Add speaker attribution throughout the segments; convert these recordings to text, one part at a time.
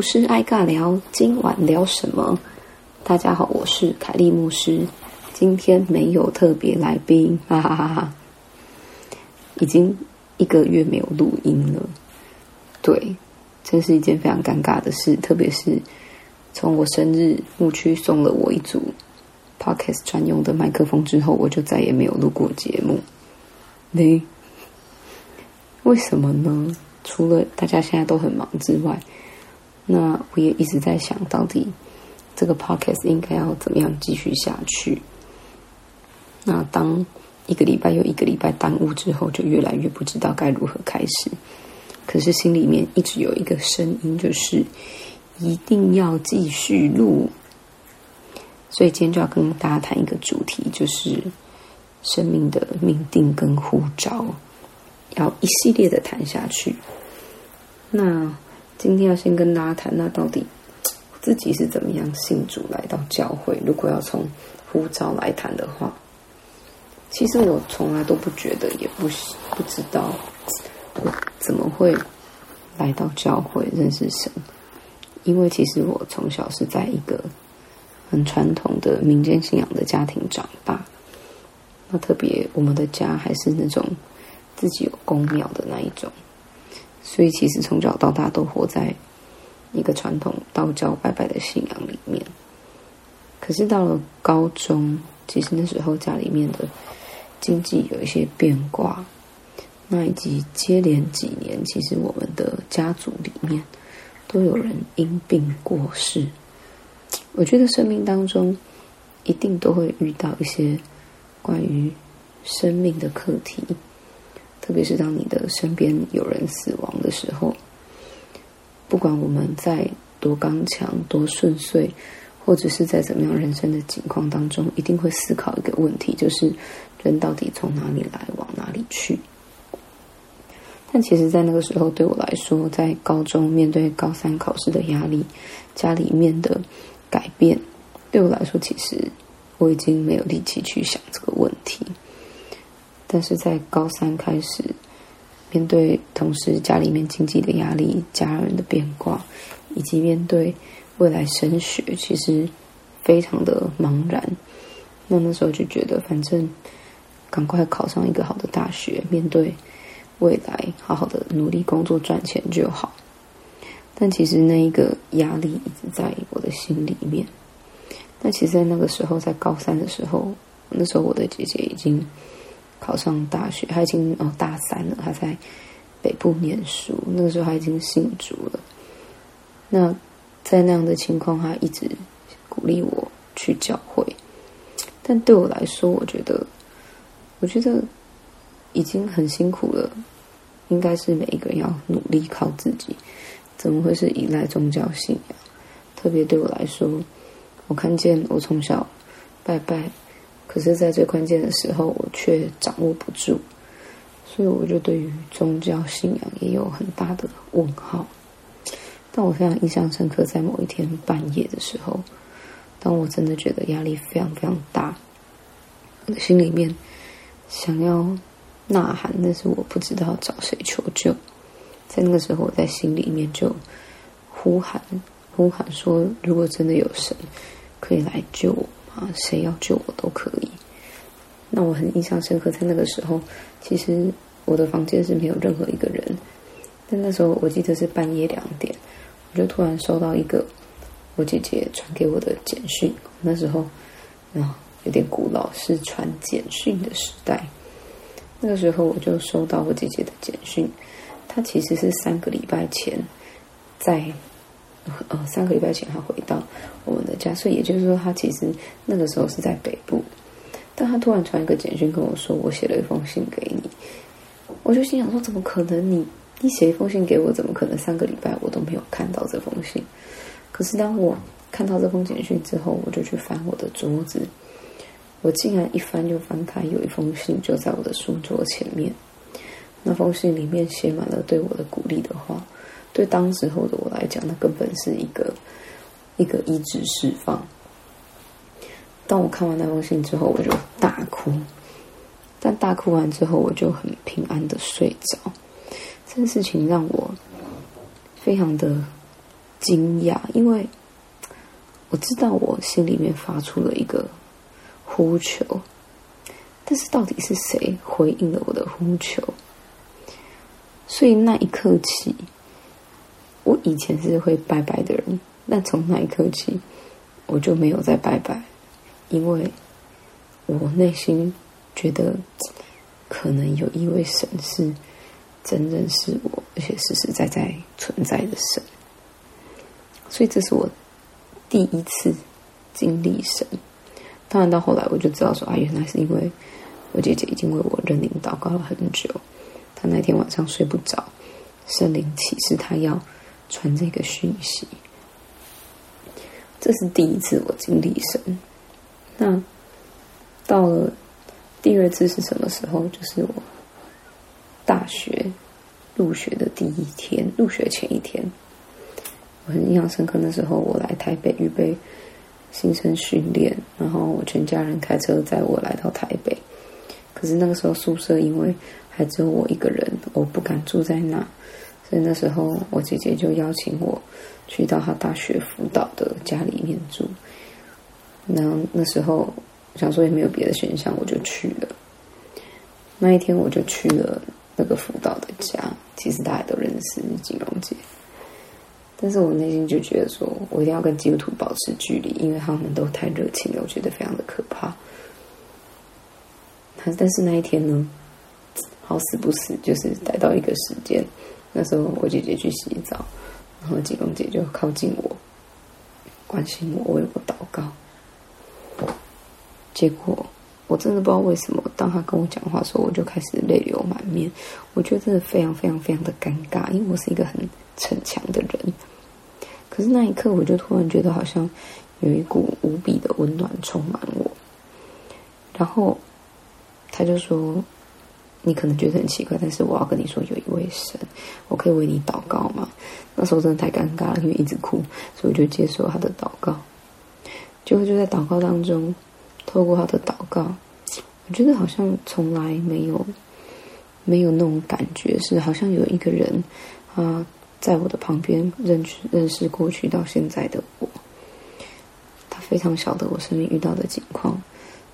Speaker 1: 牧師愛尬聊，今晚聊什麼？大家好，我是凱利牧師。今天沒有特別來賓，哈哈哈哈。已經一個月沒有錄音了，對，真是一件非常尷尬的事。特別是從我生日牧區送了我一組 Podcast 專用的麥克風之後，我就再也沒有錄過節目。哎，為什麼呢？除了大家現在都很忙之外。那我也一直在想，到底這個 podcast 應該要怎麼樣繼續下去？那當一個禮拜又一個禮拜耽誤之後，就越來越不知道該如何開始。可是心裡面一直有一個聲音，就是一定要繼續錄。所以今天就要跟大家談一個主題，就是生命的命定跟呼召，要一系列的談下去。那。今天要先跟大家談，那到底自己是怎麼樣信主來到教會？如果要從呼召來談的話，其實我從來都不覺得，也不不知道我怎麼會來到教會認識神。因為其實我從小是在一個很傳統的民間信仰的家庭長大，那特別我們的家還是那種自己有宮廟的那一種。所以，其實從小到大都活在一個傳統道教拜拜的信仰裡面。可是到了高中，其實那時候家裡面的經濟有一些變卦。那以及接連幾年，其實我們的家族裡面都有人因病過世。我覺得生命當中一定都會遇到一些關於生命的課題。特別是當你的身邊有人死亡的時候，不管我們在多剛強、多順遂，或者是在怎麼樣人生的境況當中，一定會思考一個問題：就是人到底從哪裡來，往哪裡去？但其實，在那個時候，對我來說，在高中面對高三考試的壓力、家裡面的改變，對我來說，其實我已經沒有力氣去想這個問題。但是在高三開始，面對同時家裡面經濟的壓力、家人的變卦，以及面對未來升學，其實非常的茫然。那那時候就覺得，反正趕快考上一個好的大學，面對未來好好的努力工作賺錢就好。但其實那一個壓力一直在我的心裡面。那其實，在那個時候，在高三的時候，那時候我的姐姐已經。考上大學，他已經哦大三了，他在北部念書。那個時候他已經信主了。那在那樣的情況，他一直鼓勵我去教會。但對我來說，我覺得，我覺得已經很辛苦了。應該是每一個人要努力靠自己，怎麼會是依賴宗教信仰？特別對我來說，我看見我從小拜拜。可是，在最關鍵的時候，我卻掌握不住，所以我就對於宗教信仰也有很大的問號。但我非常印象深刻，在某一天半夜的時候，當我真的覺得壓力非常非常大，我的心裡面想要吶喊，但是我不知道找誰求救。在那個時候，我在心裡面就呼喊呼喊說：“如果真的有神，可以來救我。”啊，誰要救我都可以。那我很印象深刻，在那個時候，其實我的房間是沒有任何一個人。但那時候，我記得是半夜兩點，我就突然收到一個我姐姐傳給我的簡訊。那時候啊，有點古老，是傳簡訊的時代。那個時候，我就收到我姐姐的簡訊，她其實是三個禮拜前在。呃，三個禮拜前他回到我們的家，所以也就是說，他其實那個時候是在北部。但他突然傳一個簡訊跟我說，我寫了一封信給你。我就心想說，怎麼可能你？你你寫一封信給我，怎麼可能三個禮拜我都沒有看到這封信？可是當我看到這封簡訊之後，我就去翻我的桌子，我竟然一翻就翻開有一封信，就在我的書桌前面。那封信裡面寫滿了對我的鼓勵的話。對當時候的我來講，那根本是一個一個一直釋放。當我看完那封信之後，我就大哭。但大哭完之後，我就很平安的睡着。這件事情讓我非常的驚訝，因為我知道我心裡面發出了一個呼求，但是到底是誰回應了我的呼求？所以那一刻起。我以前是會拜拜的人，但從那一刻起，我就沒有再拜拜，因為我內心覺得，可能有一位神是真正認識我，而且實實在在存在的神，所以這是我第一次經歷神。當然，到後來我就知道說，啊，原來是因為我姐姐已經為我認領禱告了很久，她那天晚上睡不着，聖靈啟示她要傳這個訊息，這是第一次我經歷神。那到了第二次是什麼時候？就是我大學入學的第一天，入學前一天，我很印象深刻。那時候我來台北，預備新生訓練，然後我全家人開車載我來到台北。可是那個時候宿舍因為還只有我一個人，我不敢住在那。所以那時候，我姐姐就邀請我去到她大學輔導的家裡面住。那那時候，我想說也沒有別的選項，我就去了。那一天我就去了那個輔導的家，其實大家都認識金融姐。但是我內心就覺得說，我一定要跟基督徒保持距離，因為他們都太熱情了，我覺得非常的可怕。但但是那一天呢，好死不死，就是逮到一個時間。那時候我姐姐去洗澡，然後吉公姐就靠近我，關心我，為我禱告。結果我真的不知道為什麼，當他跟我講話的時候，我就開始淚流滿面。我覺得真的非常非常非常的尷尬，因為我是一個很逞強的人。可是那一刻，我就突然覺得好像有一股無比的溫暖充滿我。然後他就說。你可能覺得很奇怪，但是我要跟你說，有一位神，我可以為你禱告嗎？那時候真的太尷尬了，因為一直哭，所以我就接受他的禱告。結果就在禱告當中，透過他的禱告，我覺得好像從來沒有沒有那種感覺，是好像有一個人啊，他在我的旁邊，認識認識過去到現在的我。他非常曉得我生命遇到的情況，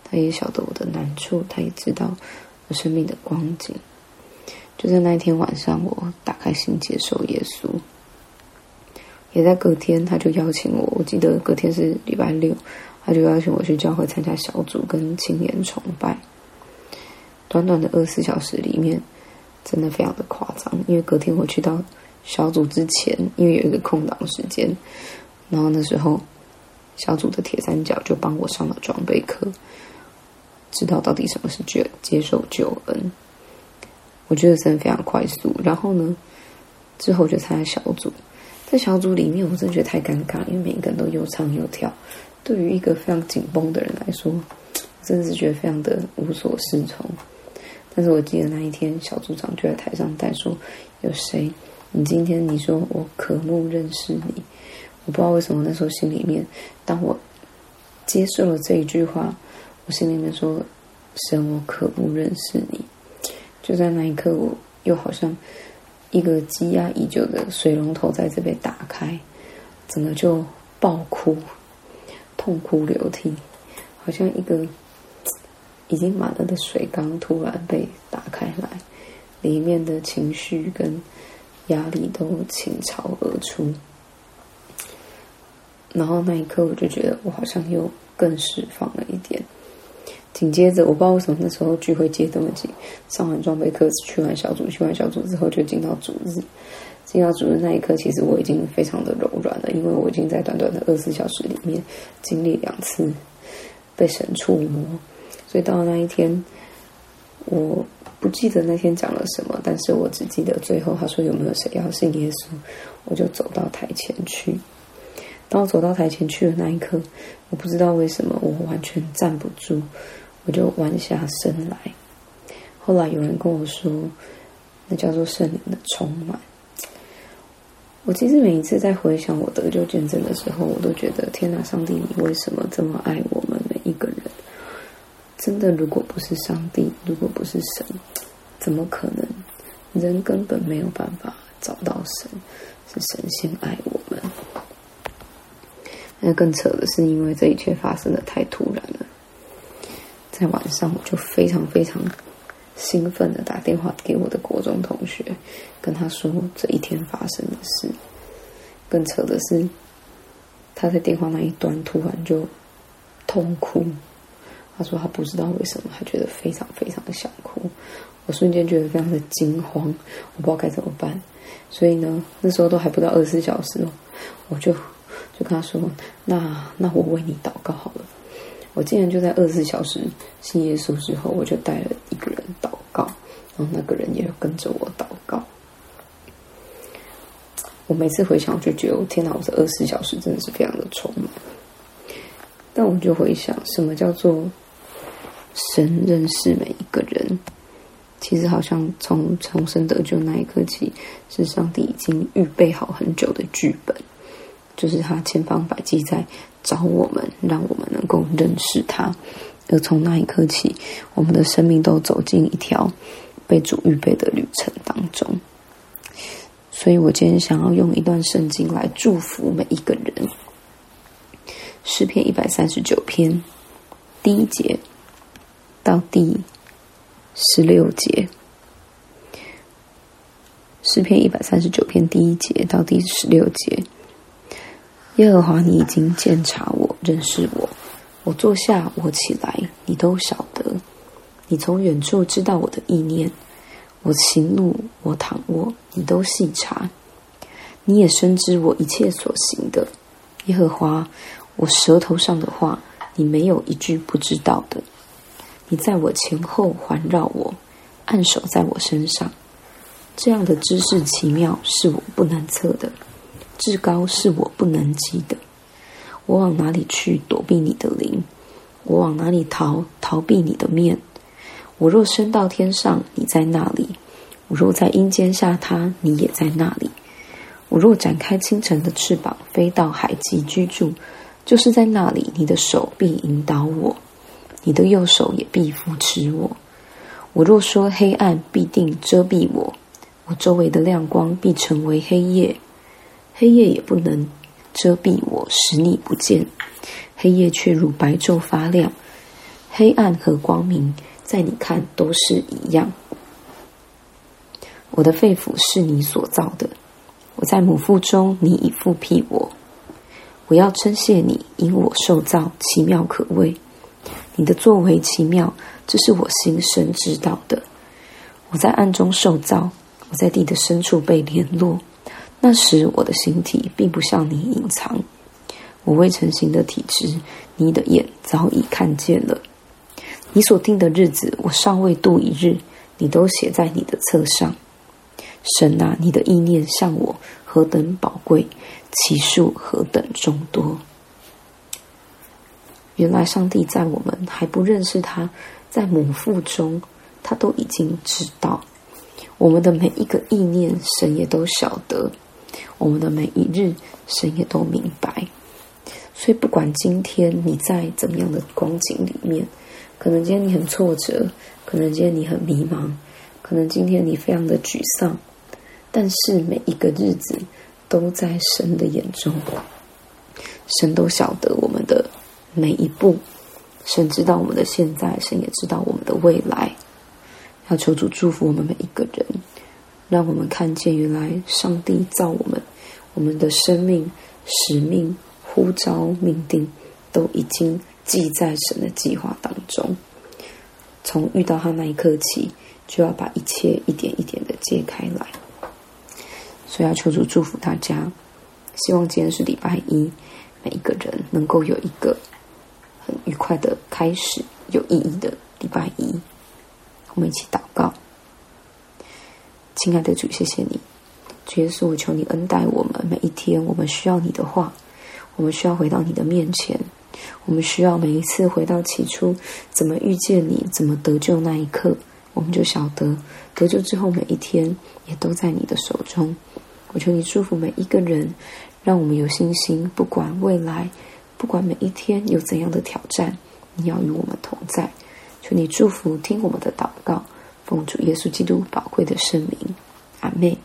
Speaker 1: 他也曉得我的難處，他也知道。我生命的光景，就在那一天晚上，我打開心接受耶穌。也在隔天，他就邀請我。我記得隔天是禮拜六，他就邀請我去教會參加小組跟青年崇拜。短短的二十四小時裡面，真的非常的誇張。因為隔天我去到小組之前，因為有一個空檔時間，然後那時候小組的鐵三角就幫我上了裝備課。知道到底什麼是接接受救恩，我覺得真的非常快速。然後呢，之後就參加小組，在小組裡面，我真的覺得太尷尬，因為每一個人都又唱又跳。對於一個非常緊繃的人來說，真的是覺得非常的無所適從。但是我記得那一天，小組長就在台上帶說：“有誰？你今天你說我渴慕認識你。”我不知道為什麼那時候心裡面，當我接受了這一句話，我心裡面說。神，我可不認識你。就在那一刻，我又好像一個積壓已久的水龍頭在這邊打開，整個就爆哭，痛哭流涕，好像一個已經滿了的水缸突然被打開來，裡面的情緒跟壓力都傾巢而出。然後那一刻，我就覺得我好像又更釋放了一點。緊接着，我不知道為什麼那時候聚會接這麼緊，上完裝備課、去完小組，去完小組之後就進到主日。進到主日那一刻，其實我已經非常的柔軟了，因為我已經在短短的二十四小時裡面經歷兩次被神觸摸。所以到了那一天，我不記得那天講了什麼，但是我只記得最後他說有沒有誰要信耶穌，我就走到台前去。當我走到台前去的那一刻，我不知道為什麼我完全站不住。我就彎下身來。後來有人跟我說，那叫做聖靈的充滿。我其實每一次在回想我得救見證的時候，我都覺得天哪，上帝你為什麼這麼愛我們每一個人？真的，如果不是上帝，如果不是神，怎麼可能？人根本沒有辦法找到神，是神先愛我們。那更扯的是，因為這一切發生的太突然了。在晚上，我就非常非常興奮的打電話給我的國中同學，跟他說這一天發生的事。更扯的是，他在電話那一端突然就痛哭，他說他不知道為什麼，他覺得非常非常的想哭。我瞬間覺得非常的驚慌，我不知道該怎麼辦。所以呢，那時候都還不到二十四小時哦，我就就跟他說：“那那我為你禱告好了。”我竟然就在二十四小時信耶穌之後，我就帶了一個人禱告，然後那個人也跟着我禱告。我每次回想，我就覺得，天哪，我這二十四小時真的是非常的充滿。但我就回想，什麼叫做神認識每一個人？其實好像從重生得救那一刻起，是上帝已經預備好很久的劇本，就是他千方百計在。找我們，讓我們能夠認識他。而從那一刻起，我們的生命都走進一條被主預備的旅程當中。所以，我今天想要用一段聖經來祝福每一個人。詩篇一百三十九篇第一節到第十六節，詩篇一百三十九篇第一節到第十六節。耶和華，你已經鑒察我，認識我。我坐下，我起來，你都曉得。你從遠處知道我的意念，我行路，我躺臥，你都細察。你也深知我一切所行的。耶和華，我舌頭上的話，你沒有一句不知道的。你在我前後環繞我，按手在我身上。這樣的知識奇妙，是我不難測的。至高是我不能及的，我往哪裡去躲避你的靈？我往哪裡逃逃避你的面？我若升到天上，你在那裡；我若在陰間下榻，你也在那裡。我若展開清晨的翅膀，飛到海極居住，就是在那裡，你的手必引導我，你的右手也必扶持我。我若說黑暗必定遮蔽我，我周圍的亮光必成為黑夜。黑夜也不能遮蔽我，使你不見。黑夜卻如白晝發亮。黑暗和光明，在你看都是一樣。我的肺腑是你所造的，我在母腹中，你已覆庇我。我要稱謝你，因我受造，奇妙可畏。你的作為奇妙，這是我心深知道的。我在暗中受造，我在地的深處被聯絡。那時我的形體並不向你隱藏，我未成形的體質，你的眼早已看見了。你所定的日子，我尚未度一日，你都寫在你的冊上。神啊，你的意念向我何等寶貴，其數何等眾多。原來上帝在我們還不認識他，在母腹中，他都已經知道我們的每一個意念，神也都曉得。我們的每一日，神也都明白。所以，不管今天你在怎麼樣的光景裡面，可能今天你很挫折，可能今天你很迷茫，可能今天你非常的沮喪，但是每一個日子都在神的眼中，神都曉得我們的每一步，神知道我們的現在，神也知道我們的未來。要求主祝福我們每一個人。讓我們看見，原來上帝造我們，我們的生命、使命、呼召、命定，都已經記在神的計劃當中。從遇到他那一刻起，就要把一切一點一點的揭開來。所以，要求主祝福大家，希望今天是禮拜一，每一個人能夠有一個很愉快的開始，有意義的禮拜一。我們一起禱告。親愛的主，謝謝你，主耶穌，我求你恩待我們，每一天，我們需要你的話，我們需要回到你的面前，我們需要每一次回到起初，怎麼遇見你，怎麼得救那一刻，我們就曉得，得救之後每一天也都在你的手中。我求你祝福每一個人，讓我們有信心，不管未來，不管每一天有怎樣的挑戰，你要與我們同在。求你祝福，聽我們的禱告。奉主耶穌基督寶貴的聖名，阿門。